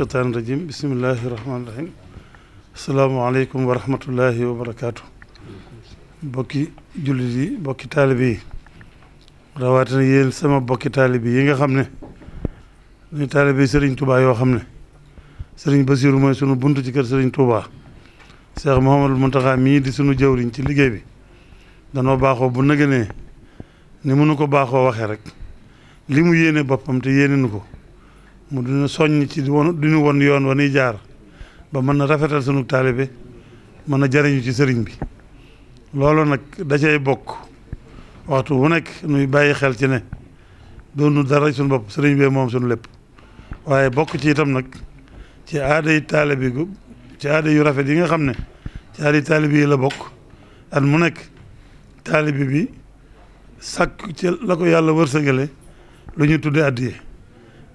الشيطان الرجيم بسم الله الرحمن الرحيم السلام عليكم ورحمة الله وبركاته بكي جلدي بكي طالبي رواتنا يين سما بكي طالبي ييغا خامني ني طالبي سيرن توبا يو خامني سيرن بشير موي سونو بونتو جي كير سيرن توبا شيخ محمد المنتقى مي دي سونو جاورين تي ليغي بي دا نو باخو بو نغي ني ني مونو كو باخو واخي رك ليمو ييني بوبام تي يينينو كو mu dina soññ ci du ñu won yoon wa nuy jaar ba mën na rafetal sunu taalibe mën na jariñu ci sëriñ bi loolu nag da cay bokk waxtu wu nekk nuy bàyyi xel ci ne doonu dara suñu bopp sëriñ bi moom suñu lépp waaye bokk ci itam nag ci aada yi taalibe gu ci aada yu rafet yi nga xam ne ci aada yi taalibe la bokk at mu nekk taalibe bi sàkk ci la ko yàlla wërsëgale lu ñuy tuddee addiye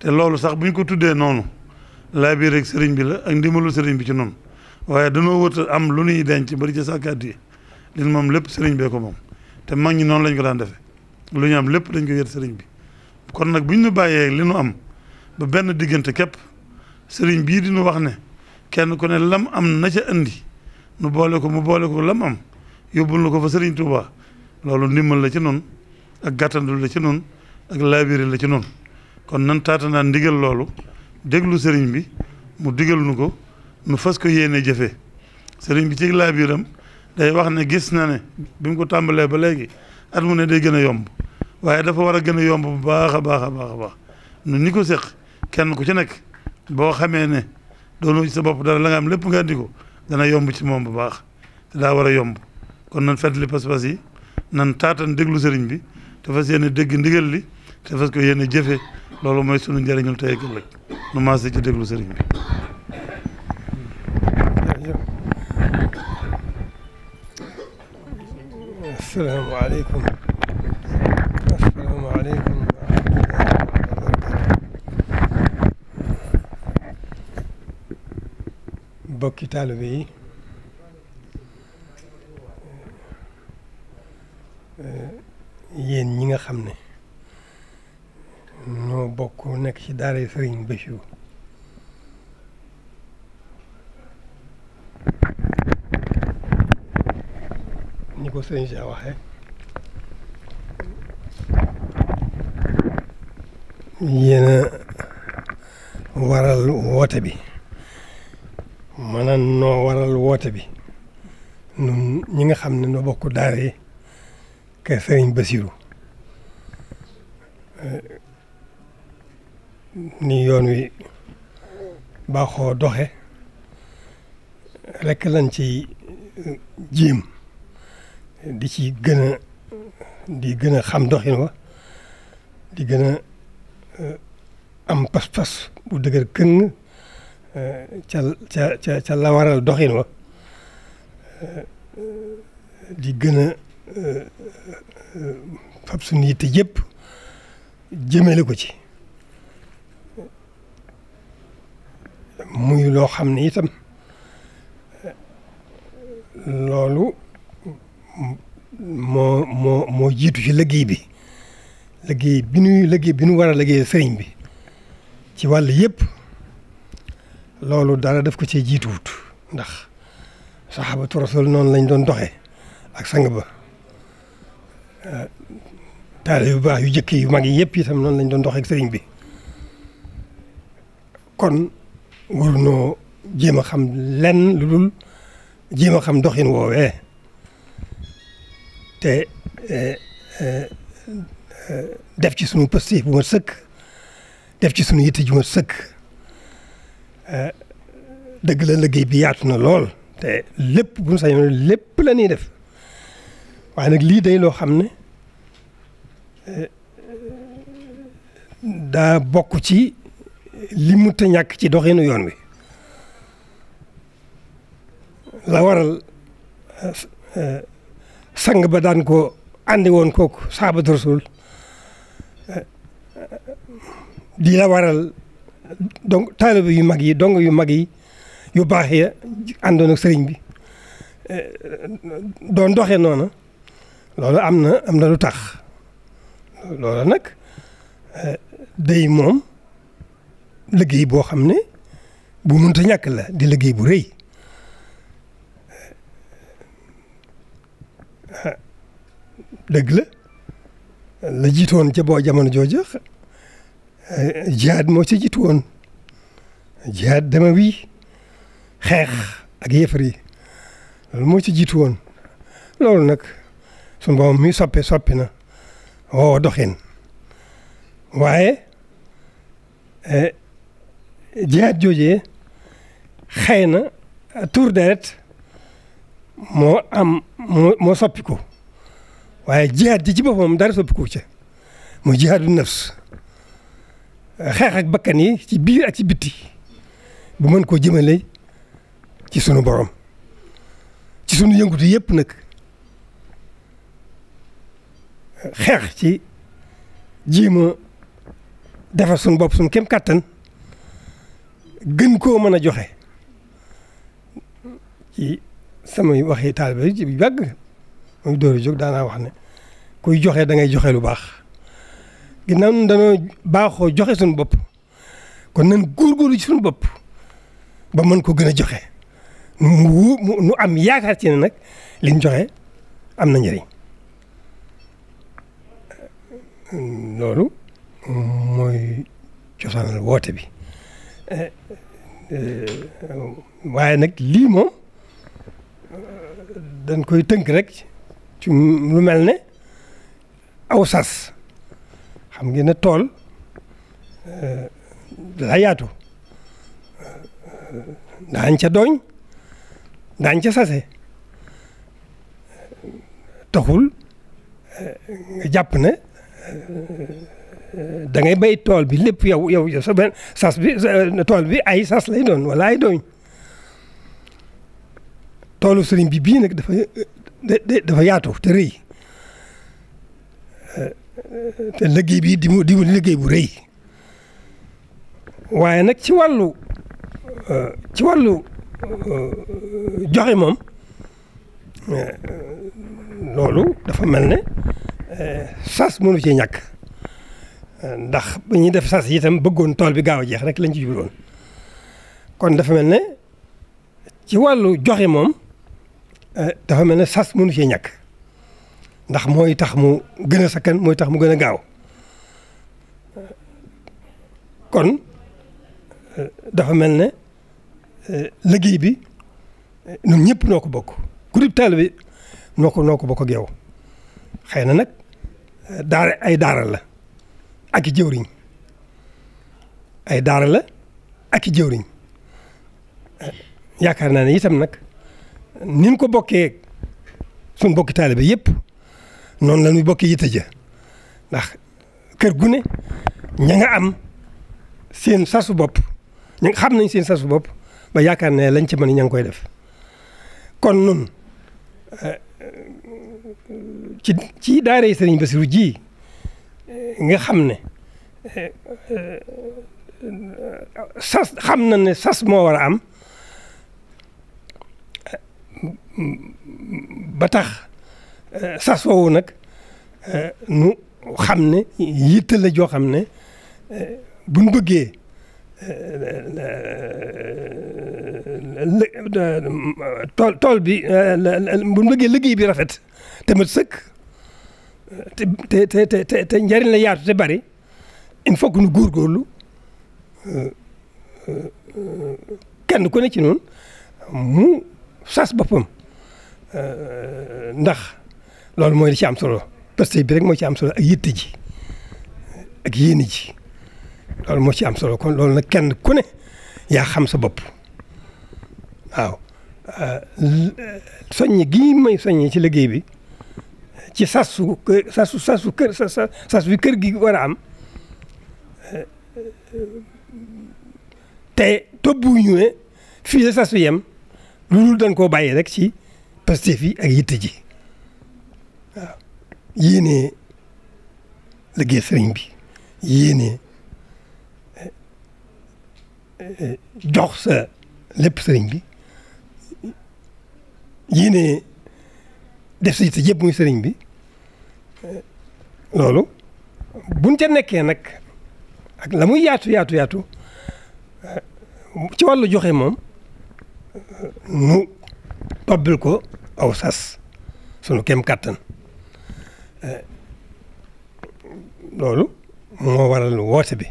te loolu sax bu ñu ko tuddee noonu laa biir rek sëriñ bi la ak ndimbalu sëriñ bi ci noonu waaye danoo wëta am lu nuy denc bari ci sàkkaat yi lin moom lépp sëriñ bee ko moom te mag ñi noonu lañ ko daan defee lu ñu am lépp dañ ko yët sëriñ bi kon nag bu ñu nu bàyyee li nu am ba benn diggante képp sëriñ bii di nu wax ne kenn ku ne lam am na ca indi nu boole ko mu boole ko lam am yóbbu na ko fa sëriñ Touba loolu ndimbal la ci noon ak gàttandul la ci noonu ak laabiri la ci noonu kon nan taatanaan ndigal loolu déglu sëriñ bi mu digal nu ko nu fas ko yéene jëfe sëriñ bi ci biiram day wax ne gis na ne bi ko tàmbalee ba léegi at mu ne day gën a yomb waaye dafa war a gën a yomb bu baax a baax a baax a baax nu ñi ko seq kenn ku ci nekk boo xamee ne doonu sa bopp dara la am lépp nga ko dana yomb ci moom bu baax daa war a yomb kon nan fetli pas-pas yi nan taatan déglu sëriñ bi te fas yéene dégg ndigal li te fas ko yéene jëfe loolu mooy sunu njëriñul tey ak ëllëg nu maase ci déglu sëriñ bi asalaamaaleykum asalaamaaleykum mbokki taalibe yi داري ثرين بشو نيكو سنجا واحد ينا ورال واتبي مانا نو ورال واتبي نون نيغا خامن نو بوكو داري كسرين بسيرو ni yoon wi baaxoo doxe rek lañ ci eh, jiim di ci gën a di gën a xam doxin wa di gën a eh, am pas-pas bu dëgër këng eh, ca ca ca ca lawaral doxin wa di gën a fab suñu yitte yëpp jëmale ko ci muy loo xam ne itam loolu moo moo moo jiitu ci liggéey bi liggéey bi nuy liggéey bi nu war a liggéey sëriñ bi ci wàll yëpp loolu dara def ko cee jiituwut ndax saxaabatu rasul noonu lañ doon doxe ak sang ba taale yu yu jëkk yu mag yi yëpp yitam noonu lañ doon doxee ak sëriñ bi kon warunoo jéem a xam lenn lu dul xam doxin woowee te eh, eh, def ci sunu pëstéef bu ma sëkk def ci sunu yitte ju ma sëkk eh, dëgg la liggéey bi yaatu na lool te lépp bu ñu sañoon lépp la ñuy def waaye nag lii day loo xam ne daa bokk ci li mu ta ñàkk ci doxinu yoon bi la waral euh, sang ba daan ko andi woon kooku saabatu rasul euh, di la waral donc taalibe yu mag yi dong yu mag yi yu baax ya àndoon ak sëriñ bi euh, doon doxee noonu loolu am na am na lu tax loolu nag day moom liggéey boo xam ne bu mënta ñàkk la di liggéey bu rëy dëgg la la jiitoon ca boo jamono jooja jihaad moo ci jiitu woon jihaad dama wi xeex ak yéefar yi loolu moo ci jiitu woon loolu nag suñu boom mi soppe soppi na woo doxin waaye eh, jihaat jooje xëy na tuur deret moo am moo moo soppi ko waaye jihaat ji ci boppam dara soppi ko ca mu jihaatu nafs xeex ak yi ci biir ak ci bitti bu mën koo jëmale ci sunu borom ci sunu yëngutu yëpp nag xeex ci jiima defar sunu bopp sunu kem kàttan gën koo mën a joxe ci samay waxi taalibe ci bi yàgg mooy door a jóg daanaa wax ne kuy joxe dangay joxe lu baax ginnaaw ñun dañoo baaxoo joxe suñu bopp kon nan góorgóorlu ci suñu bopp ba mën ko gën a joxe mu am yaakaar ci ne nag liñ joxe am na njëriñ loolu mooy cosaanal woote bi Euh, euh, waaye nag lii moom euh, dañ koy tënk rek ci lu mel ne aw sas xam ngi ne tool daa yaatu daañ ca dooñ daañ ca sase taxul nga jàpp ne da ngay béy tool bi lépp yow yow yow sa sas bi euh, tool bi ay sas lay doon wala ay doon toolu sëriñ bi bii nag dafa euh, dafa yaatu te rëy euh, te liggéey bi di mu di liggéey bu rëy waaye nag ci wàllu ci wàllu joxe moom loolu dafa mel ne sas mënu ci ñàkk. ndax bu ñuy def sas itam bëggoon tool bi gaaw a jeex rek lañ ci jubloon kon dafa mel ne ci wàllu joxe moom eh, dafa mel ne sas mënu cee ñàkk ndax mooy tax mu gën a sakkan mooy tax mu gën a gaaw kon eh, dafa mel ne eh, liggéey bi ñun ñëpp noo ko bokk groupe bi noo ko noo ko bokk ak yow xëy na nag daara ay daara la aki jëwriñ ay daara la ak jëwriñ yaakaar naa ne itam nag nin ko bokkee suñ bokki taalibe yëpp noonu la ñuy bokkee yitte ja ndax kër gu ne ña nga am seen sasu bopp ña nga xam nañ seen sasu bopp ba yaakaar ne lañ ci ni ña ngi koy def kon nun eh, ci ci daara yi sëriñ Basiru jii nga xam ne sas xam na ne sas moo war a am ba tax sas woowu nag nu xam ne yitte la joo xam ne buñ bëggee tool tool bi bu bëggee liggéey bi rafet tamit sëkk te te te te te njëriñ la yaatu te bari il faut que ñu góorgóorlu kenn ku ne ci nun mu sas boppam ndax loolu mooy li ci am solo parce bi rek moo ci am solo ak yitte ji ak yéene ji loolu moo ci am solo ko loolu nag kenn ku ne yaa xam sa bopp waaw soññ gii may soññee ci liggéey bi. ci sasu sasu sasu kër bi kër gi war a am te tobbuñu ne fii la sas bi yem loolu dañ ko bàyyi rek ci Pastef yi ak yitte ji waaw yéenee liggéey sëriñ bi yéenee jox sa lépp sëriñ bi yéenee def sa yitte yëpp muy sëriñ bi loolu buñ ca nekkee nag ak la muy yaatu yaatu yaatu ci wàllu joxe moom nu tobbil ko aw sas sunu kem kàttan loolu moo waral woote bi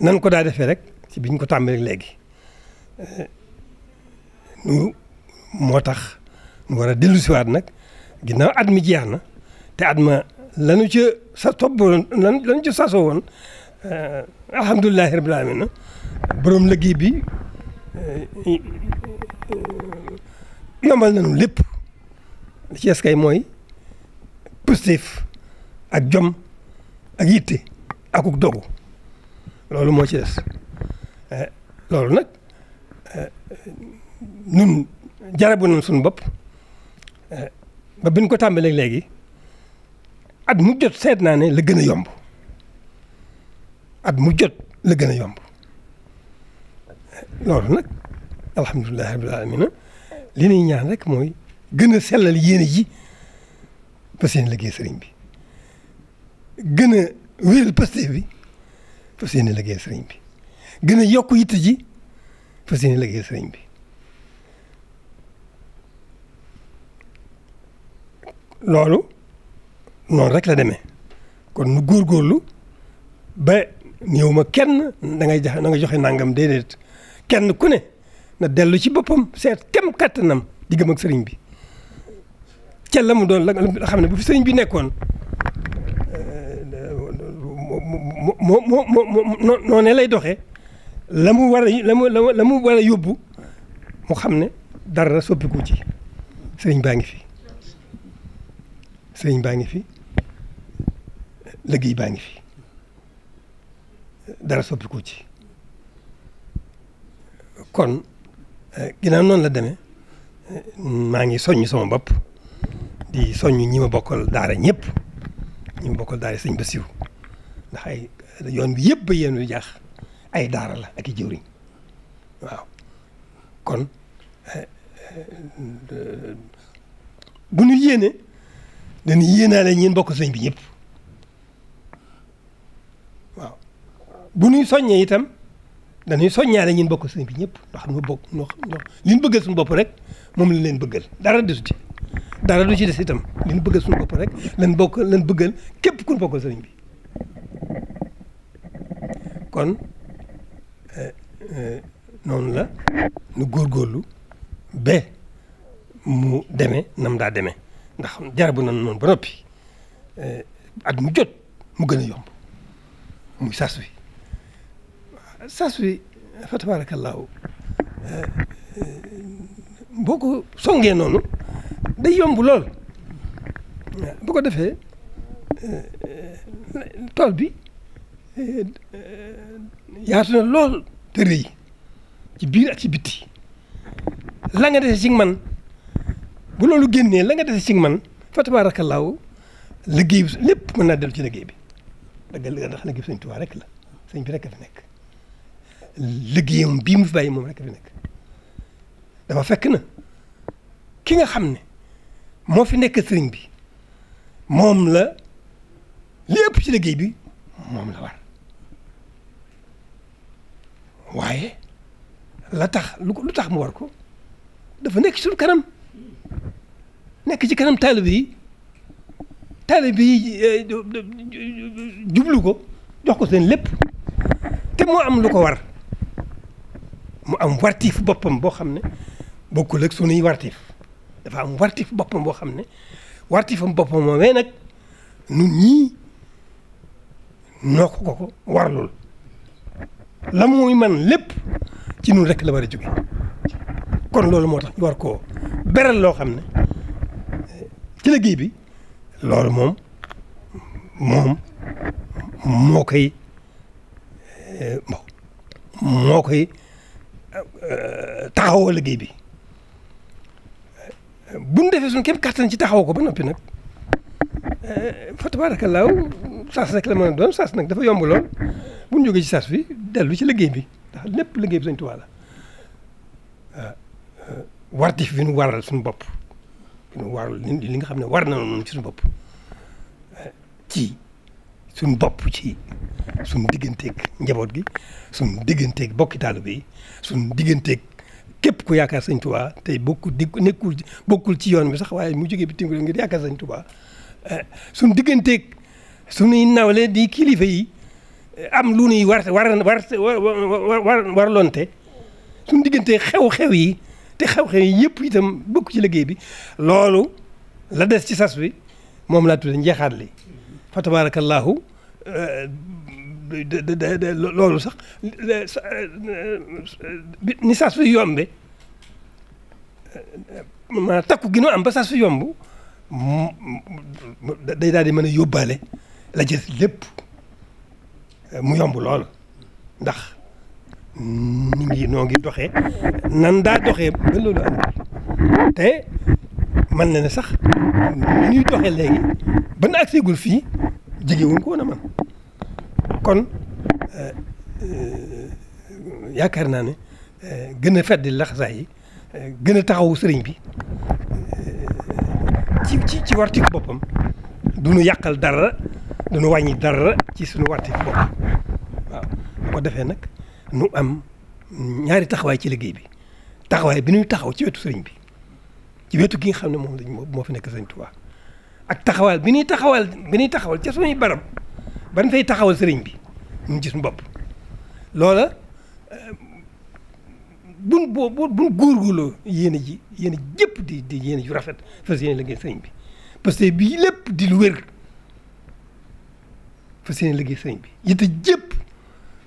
nan ko daa defee rek ci biñ ko tàmbali léegi moo tax nu war a dellusiwaat nag ginnaaw at mi jeex na te at ma lanu ci sa topp lan lanu ca sasoo woon eh, alhamdulilahi rabil alamin borom bi eh, yombal nañu lépp li ci des kay mooy positif ak jom ak yitte akuk dogu loolu moo ci des eh, loolu nag nun jarabu nañ suñu bopp ba biñ ko tàmbalee léegi at jot seet naa ne la gën a yomb at mu jot la gën a yomb loolu nag alhamdulilah rabbil alamina li ñuy ñaan rek mooy gën a sellal yéene ji ba seen liggéey sëriñ bi gën a wéyal paste bi fa seeni liggéey sëriñ bi gën a yokk yitt ji fa seeni liggéey sëriñ bi loolu noonu rek la demee kon nu góorgóorlu ba néew ma kenn da ngay joxe da nga joxe nangam déedéet kenn ku ne na dellu si boppam seet kem kattanam diggam ak sëriñ bi ca la mu doon la xam ne bu fi sëriñ bi nekkoon moo lay doxe la mu war a la mu la war a yóbbu mu xam ne dara soppiku ci sëriñ baa ngi fi sëriñ baa ngi fi liggéey baa ngi fi dara soppi ko ci kon eh, ginnaaw noonu la deme eh, maa ngi soññ sama bopp di soññ ñi ma bokkal daara ñëpp ñi ma bokkal daara sëñ Basiru ndax ay yoon bi yëpp ba yéen lu jaax ay daara la ak i jëwriñ waaw kon eh, bu ñu yéene dañu yéenaale ñeen bokk sëñ bi ñëpp waaw bu ñuy soññee itam dañuy soññaale ñun bokk sëñ bi ñëpp ndax ñoo bokk ñoo li ñu bëggal suñu bopp rek moom lañ leen bëggal dara desu ci dara du ci des itam li ñu bëggal suñu bopp rek lañ bokk lañ bëggal képp ku ñu bokkal sëñ bi kon eh, eh, noonu la nu góorgóorlu ba mu demee nam daa demee ndax jarabu na noonu ba noppi eh, at mu jot mu gën a yomb muy sas wi sas wi fa tabaarakallaahu eh, eh, boo ko songee noonu day yomb lool eh, bu ko defee tool bi yaatu na lool te rëy ci biir ak ci bitti la nga dese ci man bu loolu génnee la nga dese ci man fa tabaarakallaahu liggéey bi lépp mën naa dellu ci liggéey bi dëggal li nga ndax nag sëñ Tuubaa rek la sëñ bi rek fi nekk liggéeyam bii mu fi bàyyi moom rek fi nekk dafa fekk na ki nga xam ne moo fi nekk sëriñ bi moom la lépp ci liggéey bi moom la war waaye la tax lu ko lu tax mu war ko dafa nekk ci suñu kanam nekk ci kanam taalibe yi taalibe yi jublu ko jox ko seen lépp te moo am lu ko war mu am wartiif boppam boo xam ne bokkul ak sunuy wartiif dafa am wartiif boppam boo xam ne wartiifam boppam moomee nag nun ñii noo ko ko ko warlul la muy man lépp ci nun rekk la war a jóge kon loolu moo tax ñu war ko beral loo xam ne ci liggéey bi loolu moom moom moo koy moo koy euh, taxawoo liggéey bi bu ñu defee suñu képp kattan ci taxaw ko ba noppi nag euh, fa tabaarakallaaw saas rek la mën a doon saas nag dafa yomb lool bu ñu jógee ci saas bi dellu ci liggéey bi ndax lépp liggéey bi Sëñ Tuubaa la wartif bi nu waral suñu bopp. war li nga xam ne war na noonu ci suñu bopp ci suñu bopp ci suñu digganteeg njaboot gi suñu digganteeg bokki taalu bi suñu digganteeg képp ku yaakaar sëñ Tuubaa tey bokkul di nekkul bokkul ci yoon bi sax waaye mu jógee bitim réew ngir yaakaar sëñ Tuubaa suñu digganteeg suñuy nawle di kilifa yi am lu nuy war war war war warloonte suñu digganteeg xew-xew yi te xew-xew yëpp itam bokk ci liggéey bi loolu la des ci sas bi moom laa tuddee njeexaat li fa tabaarakallaahu euh, loolu sax euh, ni sas fi yombe euh, maanaam takku gi nu am ba sas fi yomb day daal di mën a yóbbaale la jës lépp mu yomb loolu ndax ñu ngi noo ngi doxee nan daa doxee ba loolu am te man na ne sax ni ñuy léegi ba na agseegul fii jege ko woon man kon euh, euh, yaakaar naa ne euh, gën a fedd laxasaay yi gën a taxawu sëriñ bi ci ci warti wartik boppam du nu yàqal dara du nu wàññi dara ci suñu wartik boppam waaw bu ko defee nag nu am ñaari taxawaay ci liggéey bi taxawaay bi ñuy taxaw ci wetu sëriñ bi ci wetu gi nga xam ne moom lañ moo fi nekk sëriñ Tuubaa ak taxawaay bi ñuy taxawal bi ñuy taxawal ca suñuy barab ban fay taxawal sëriñ bi ñu gis bopp loola buñ boo buñ góorgóorloo yéen a ji yéen a jëpp di di yéen a ju rafet fas yéene liggéey sëriñ bi parce que bii lépp di lu wér fas yéene liggéey sëriñ bi yite jëpp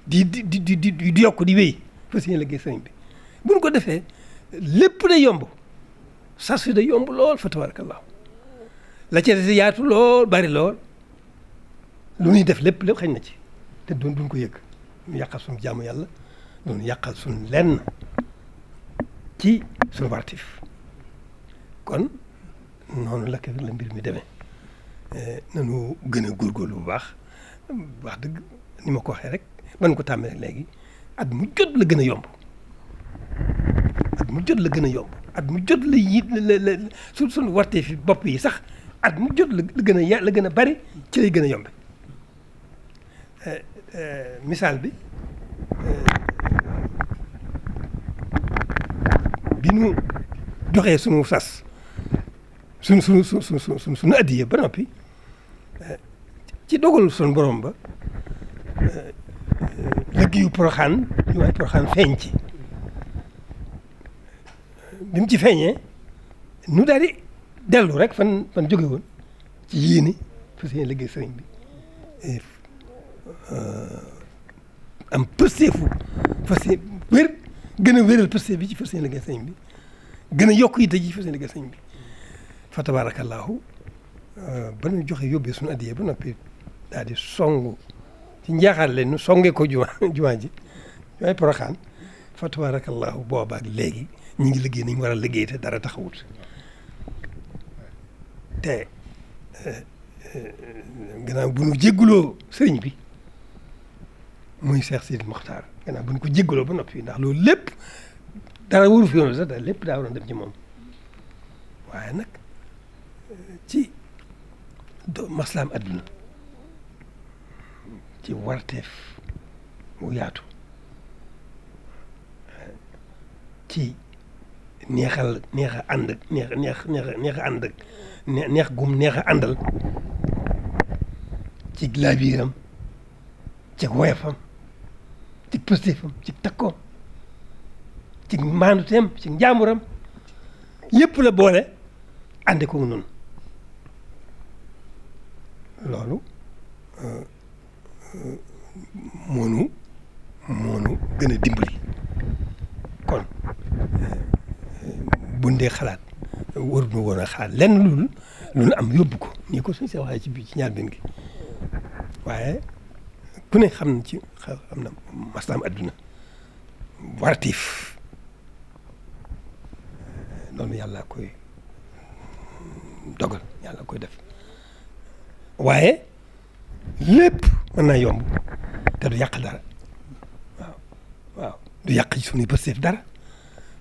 di di di di di yokk di wéy fa la liggéey sëriñ bi buñ ko defee lépp day yomb sas yi day yomb lool fa tabarakallah la ca des yaatu lool bari lool lu ñuy def lépp lépp xañ na ci te doon duñ ko yëg ñu yàqal suñu jaamu yàlla doon yàqal suñu lenn ci suñu wartif kon noonu la ko la mbir mi demee eh, nanu gën a góorgóorlu bu baax wax dëgg ni ma ko waxee rek ban ko tàmbalee léegi at mu jot la gën a yomb at mu jot la gën a yomb at mu jot la yi la la suñu wartee fi bopp yi sax at mu jot la gën a ya la gën a bari ci lay gën a yombe euh, euh, misaal bi euh, bi nu joxee sunu sas sunu sunu sunu sunu sunu ba noppi ci dogal sun borom ba. bëgg yu poroxaan yu ay poroxaan feeñ ci bi mu ci feeñee nu daal dellu rek fan fan jóge woon ci yii ni fa seen liggéey sëriñ bi eh, am pësteefu fa seen wér gën a wéral pësteef bi ci fa seen liggéey sëriñ bi gën a yokk yitte ji fa seen liggéey sëriñ bi fa tabaarakallaahu eh, ba nu joxe yóbbee suñu addiyee ba noppi daal songu ci njaaxaar leen nu songe ko juma juma ji jumay poroxaan fa tabarakallahu boobaak léegi ñu ngi liggéey nañ war a liggéey te dara taxawut te eh, eh, gannaaw bu nu jégguloo sëriñ bi muy Cheikh Sidi Mokhtar gannaaw bu nu ko jégguloo ba noppi ndax loolu lépp dara waru fi yoon sax dara lépp daa dem ci moom waaye nag eh, ci maslaam adduna ci warteef mu ci neexal neex a ànd ak neex neex neex neex a ànd ak gum neex a àndal ci laabiiram ci woyafam ci pëstéefam ci takkoom ci maanduteem ci njaamuram yëpp la boole àndi ko noonu loolu euh, moonu moonu gën a dimbali kon eh, buñ dee xalaat waruñu woon a xalaat lenn loolu lu nu am yóbbu ko nii ko suñ sa waxee ci biir ci ñaar benn gi waaye ku ne xam na ci xam na maslaam adduna waratiif loolu eh, yàlla koy dogal yàlla koy def waaye lépp mën naa yomb te du yàq dara waaw waaw du yàq ci suñu pësteef dara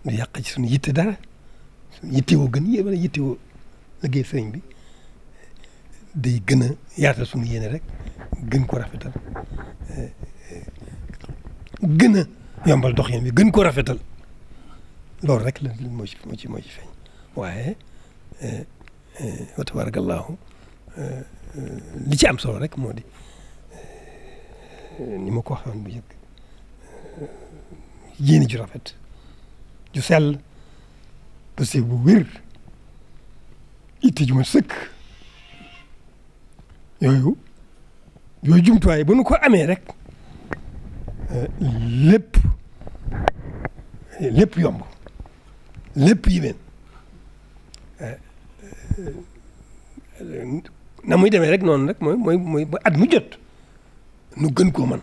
du yàq ci suñu yitte dara suñu yittewoo gën yéen a yittewoo liggéey sëriñ bi day gën a yaatal suñu yéene rek gën ko rafetal gën a yombal dox yéen bi gën ko rafetal loolu rek la moo ci moo ci moo ci feeñ waaye wa tabaarakallahu li ci am solo rek moo di ni ma ko waxoon bu njëkk yéene ju rafet ju sell parce que bu wér itte ju ma sëkk yooyu yooyu jumtuwaay bu nu ko amee rek lépp lépp yomb lépp yi leen na muy demee rek noonu rek mooy mooy mooy ba at mu jot nu gën koo man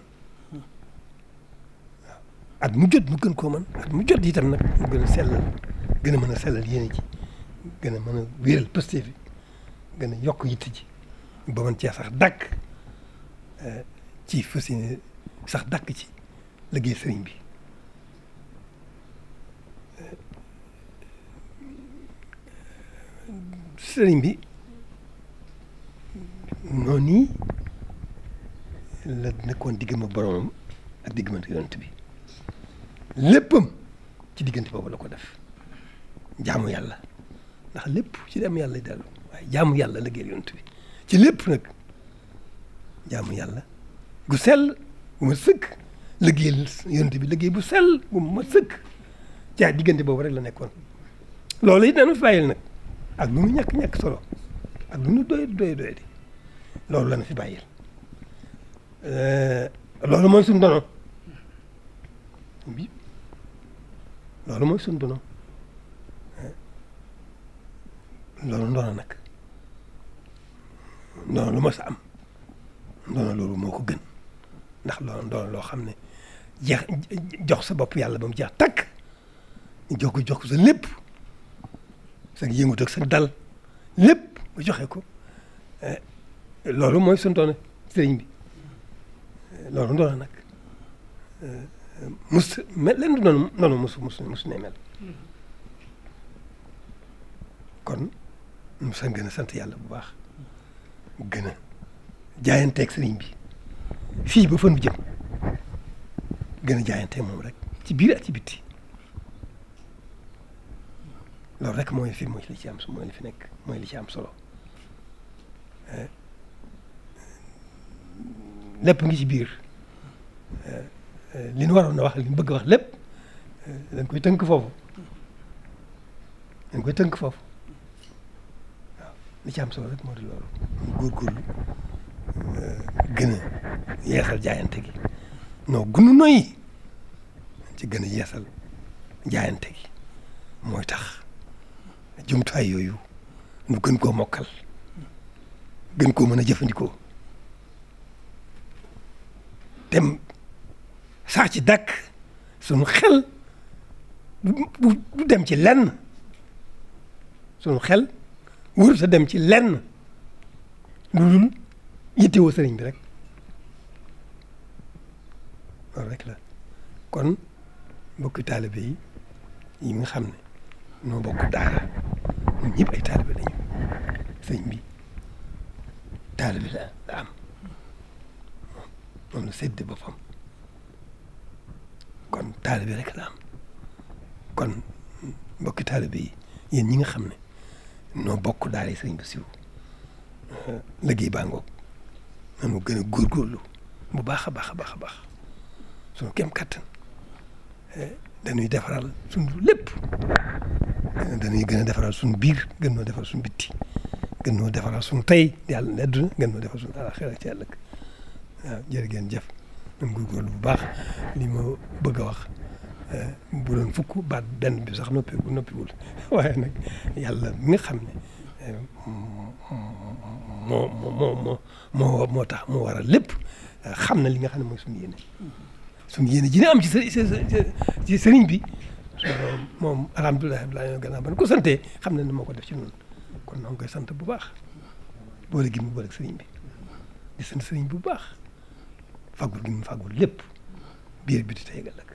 at mu jot nu gën koo man at mu jot itam nag mu gën a sellal gën a mën a sellal yéene ci gën a mën a wéeral pëste gën a yokk yitt ci ba mën eh, ci fas sax dàkk ci liggéey sëriñ bi eh, sëriñ bi noonu la nekkoon diggam ak boromam ak diggante yonent bi léppam ci diggante boobu la ko def jaamu yàlla ndax lépp ci dem yàlla dellu waaye yàlla la gër yonent bi ci lépp nag jaamu yàlla gu sel bu ma sëkk liggéeyal yonent bi liggéey bu sel bu ma sëkk caa diggante boobu rek la nekkoon loolu it dañu bàyyil nag ak lu mu ñàkk-ñàkk solo ak lu mu doy doy doy di loolu la ñu fi bàyyil loolu mooy suñ dono bi loolu mooy suñ dono loolu ndono nag ndono lu ma sa am ndono loolu moo ko gën ndax loolu ndono loo xam ne jeex jox sa bopp yàlla ba mu jeex takk jox ko jox sa lépp sa yëngut ak sa dal lépp mu joxe ko loolu mooy suñ dono sëriñ bi loolu ndono nag mus mel leen du noonu noonu mus mus mus mel kon mu sa gën a sant yàlla bu baax gën a jaayanteeg sëriñ bi fii ba fa nu jëm gën a jaayanteeg moom rek ci biir ak ci bitti loolu rek mooy fi mooy li ci am li fi nekk mooy li ci am solo lépp ngi ci biir li nu waroon na wax li nu bëgg wax lépp dañ koy tënk foofu dañ koy tënk foofu waaw li ci am solo rek moo di loolu góorgóorlu gën a yeesal jaayante gi non gunu noyyi ci gën a yeesal jaayante gi mooy tax jumtuwaay yooyu nu gën koo mokkal gën koo mën a jëfandikoo te sax ci dàkk sunu xel du dem ci lenn sunu xel wër sa dem ci lenn lu dul yittewoo sëriñ bi rek kon mbokki taalibe yi yi nga xam ni noo bokk daara ñun ñëpp ay taalibe lañu sëriñ bi taalibe la noonu séddi boppam kon taalibe rek la am kon mbokki taalibe yi yéen ñi nga xam ne noo bokk daal yi sëriñ bi siw liggéey baa ngoog nanu gën a góorgóorlu bu baax a baax a baax a baax suñu kem kattan dañuy defaral suñu lépp dañuy gën a defaral suñu biir gën noo defaral suñu bitti gën noo defaral suñu tey yàlla na àdduna gën noo defaral suñu àllaxira ci ëllëg waaw jërë jëf nañ góorgóorlu bu baax li ma bëgg a wax eh, bu fukk baat benn bi sax noppi wul waaye nag yàlla mi nga xam ne eh, moo moo moo moo tax moo waral lépp eh, xam na li nga xam ne mooy suñu yéene suñu yéene ji am ci ci sëriñ bi moom alhamdulilah bi laa gannaaw ba ko santee xam ne na moo ko def ci noonu kon noo ngi koy sant bu baax boole gi mu boole sëriñ bi di sant sëriñ bu baax faggul gi mu faggul lépp biir bi di tey ëllëg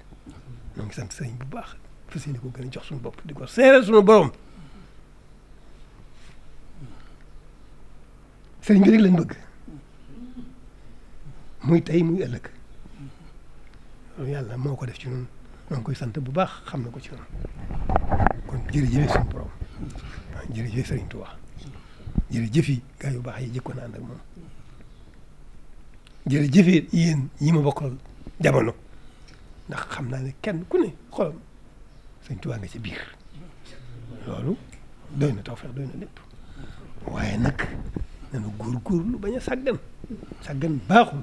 ngi sant sëriñ bu baax fas yéene ko gën a jox suñu bopp di ko seeral suñu borom sëriñ bi rek lañ bëgg muy tey muy yàlla moo ko def ci noonu ñoo ngi koy sant bu baax xam ne ko ci noonu kon jërëjëf suñu borom jërëjëf sëriñ Tuubaa jërëjëf yi gaa yu baax yi jëkkoon ànd ak jërëjëf yéen yi ma bokkal jamono ndax xam naa ne kenn ku ne xolam waa Tuubaa nga ci biir loolu doy na tawfeex doy waaye nag nanu góorgóorlu bañ a sàggan sàggan baaxul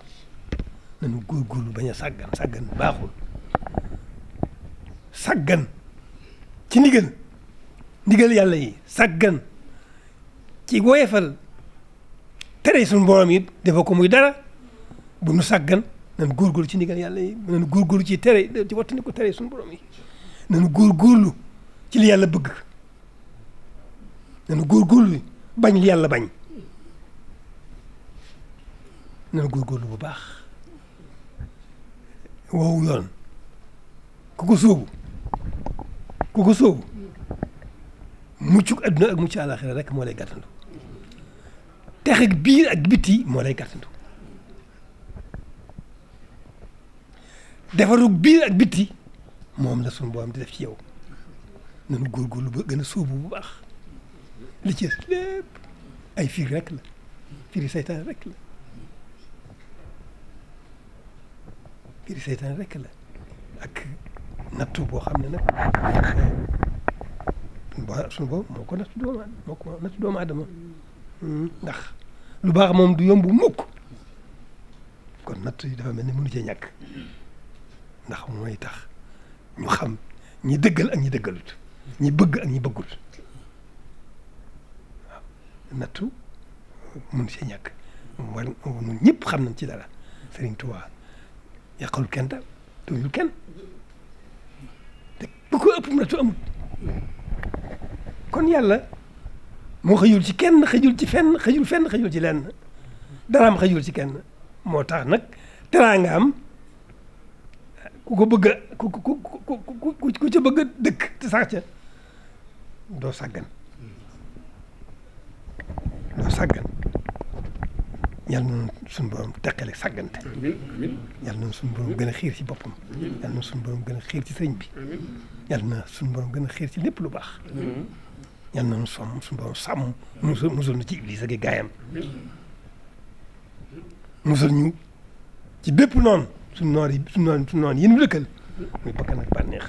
nanu góorgóorlu bañ a sàggan sàggan baaxul sàggan ci ndigal ndigal yàlla yi sàggan ci woyefal tere suñu borom yi ko muy dara bu nu sàggan nañ góorgóorlu ci ndigal yàlla yi nañ góorgóorlu ci tere ci wattandi ko tere suñu borom yi nañ góorgóorlu ci li yàlla bëgg góor góorlu bañ li yàlla bañ góor góorlu bu baax wow yoon ku ko sóobu ku ko sóobu muccuk adduna ak mucc àlaxira rek moo lay gàttandu tex biir ak bitti moo lay gàttandu defarug biir ak moom la suñu borom di def ci yow nañ góorgóorlu ba gën a sóobu bu baax li ci lépp ay fiir rek la fiiri seytaan rek la fiiri la ak nattu boo xam ne nag ba suñu borom moo ko nattu doomu aadama hmm, lu baax moom du yomb mukk kon natt yi dafa mel ni mënu cee ñàkk ndax mooy tax ñu xam ñi dëggal ak ñi dëggalut ñi bëgg ak ñi bëggul waaw nattu mun see ñàkk wal nun ñëpp xam nañ ci dara Sëriñ Tuubaa yàqalul kenn da tooñul kenn te bu ko ëpp nattu amul kon yàlla moo xëyul ci kenn xëyul ci fenn xëyul fenn xëyul ci lenn daraam xëyul ci kenn moo tax nag teraanga am ku ko bëgg a ku ku ku ku ca bëgg dëkk te sax ca doo sàggan doo sàggan yàlla na suñu borom teqale sàggante yàlla na suñu borom gën a xiir ci boppam yàlla na suñu borom gën a xiir ci sëñ bi yàlla na suñu borom gën a xiir ci lépp lu baax yàlla na somm suñu borom sàmm musul musul na ci iblis ak gaayam musul ñu ci bépp noonu suñu noor yi suñu noor suñu noor muy bakkan ak bànneex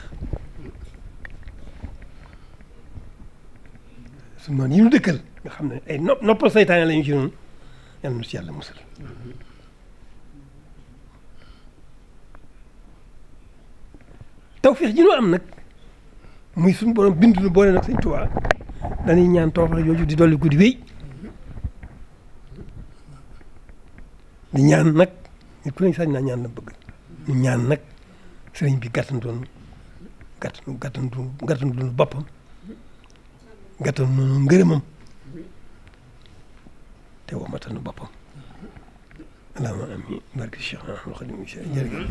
suñu noor yi nu nga xam ne ay nopp noppal saytaane la ñu ci noonu yàlla musal tawfeex ji ñu am nag muy suñu borom bindu nu boole nag Sëñ Tuubaa dañuy ñaan tawfeex yooyu di dolli guddi wéy di ñaan nag nit ku ne sañ naa ñaan la bëgg ñu ñaan nag sëriñ bi gàttandoon gàttan gàttandu gàttandu boppam gàttandu ngërëmam te wambatanu boppam allahumma amin barke Cheikh Ahmadou Khadim jërëjëf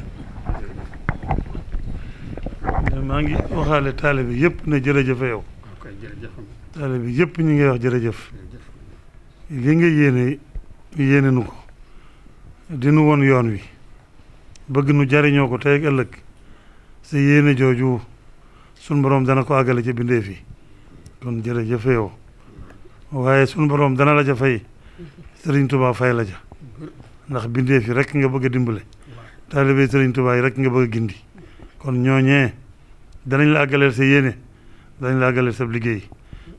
maa ngi waxaale taalibe yëpp ne jërëjëf yow taalibe yëpp ñu ngi wax jërëjëf li nga yéene yéene nu ko dinu woon yoon wi bëgg nu jariñoo ko tey ak ëllëg sa yéene jooju sun borom dana ko àggale ci bindee fi kon jërëjëf yow waaye sun borom dana la ja fay sëriñ Tuubaa fay la ja ndax bindee fi rek nga bëgg a dimbale taalibe sëriñ Tuubaa yi rek nga bëgg a gindi kon ñooñee danañ la àggaleel sa yéene danañ la àggaleel sa liggéey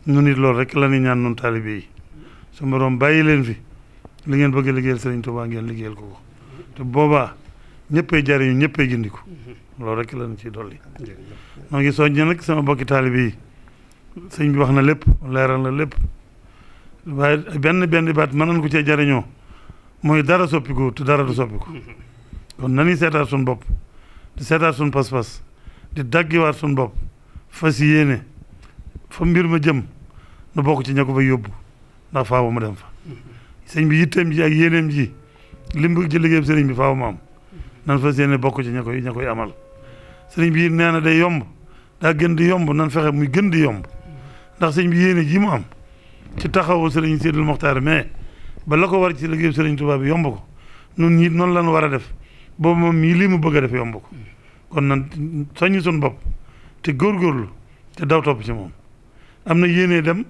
nun it loolu rek la ñuy ñaan nun taalibe sun borom bàyyi leen fi li ngeen bëgg a liggéeyal Sëriñ Tuubaa ngeen liggéeyal ko ko te boobaa ñëppay jariñu ñëppay gindiku loolu rek lañ ci dolli maa ngi soññ nag sama bokki taalibe yi sëñ bi wax na lépp leeral na lépp waaye benn benn baat mën nañ ko cee jariñoo mooy dara soppiku te dara du soppiku kon nañuy seetaat suñu bopp di seetaat suñu pas-pas di daggiwaat suñu bopp fas yéene fa mbir ma jëm nu bokk ci ña ko fa yóbbu ndax fa sëñ bi yitteem ji ak yéeneem ji lim bu ci liggéeyam sëriñ bi faaw mu am nan fas yéene bokk ci ña koy ña koy amal sëriñ bi nee na day yomb daa gën di yomb nan fexe muy gën di yomb ndax sëñ bi yéene ji mu am ci taxawu sëriñ Seydil Mokhtar mais ba la ko war ci liggéeyam sëriñ Tuubaa bi yomb ko nun ñi noonu lan war a def boobu moom mii lii mu bëgg a def yomb ko kon nan soññi suñu bopp te góorgóorlu te daw topp ci moom am na yéene dem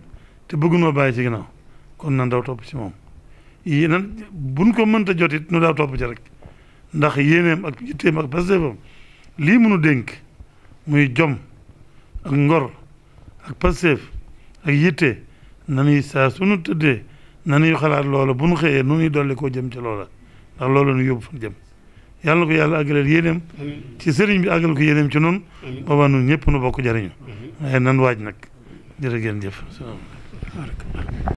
te bëggunoo bàyyi ci ginnaaw kon nan daw topp ci bu buñ ko mënta jot it nu daaw topp ci rek ndax yéeneem ak yitteem ak pasteefam lii mënu dénk muy jom ak ngor ak pasteef ak yitte nanuy saa sunu tëddee nanuy xalaat loola bu nu xëyee nu nuy dolli koo jëm ci loola ndax loola nu yóbbu fan jëm yàlla na ko yàlla àggaleel yéeneem ci sëriñ bi àggal ko yéeneem ci noonu boobaa nun ñëpp nu bokk jariñu waaye nan waaj nag jërë ngeen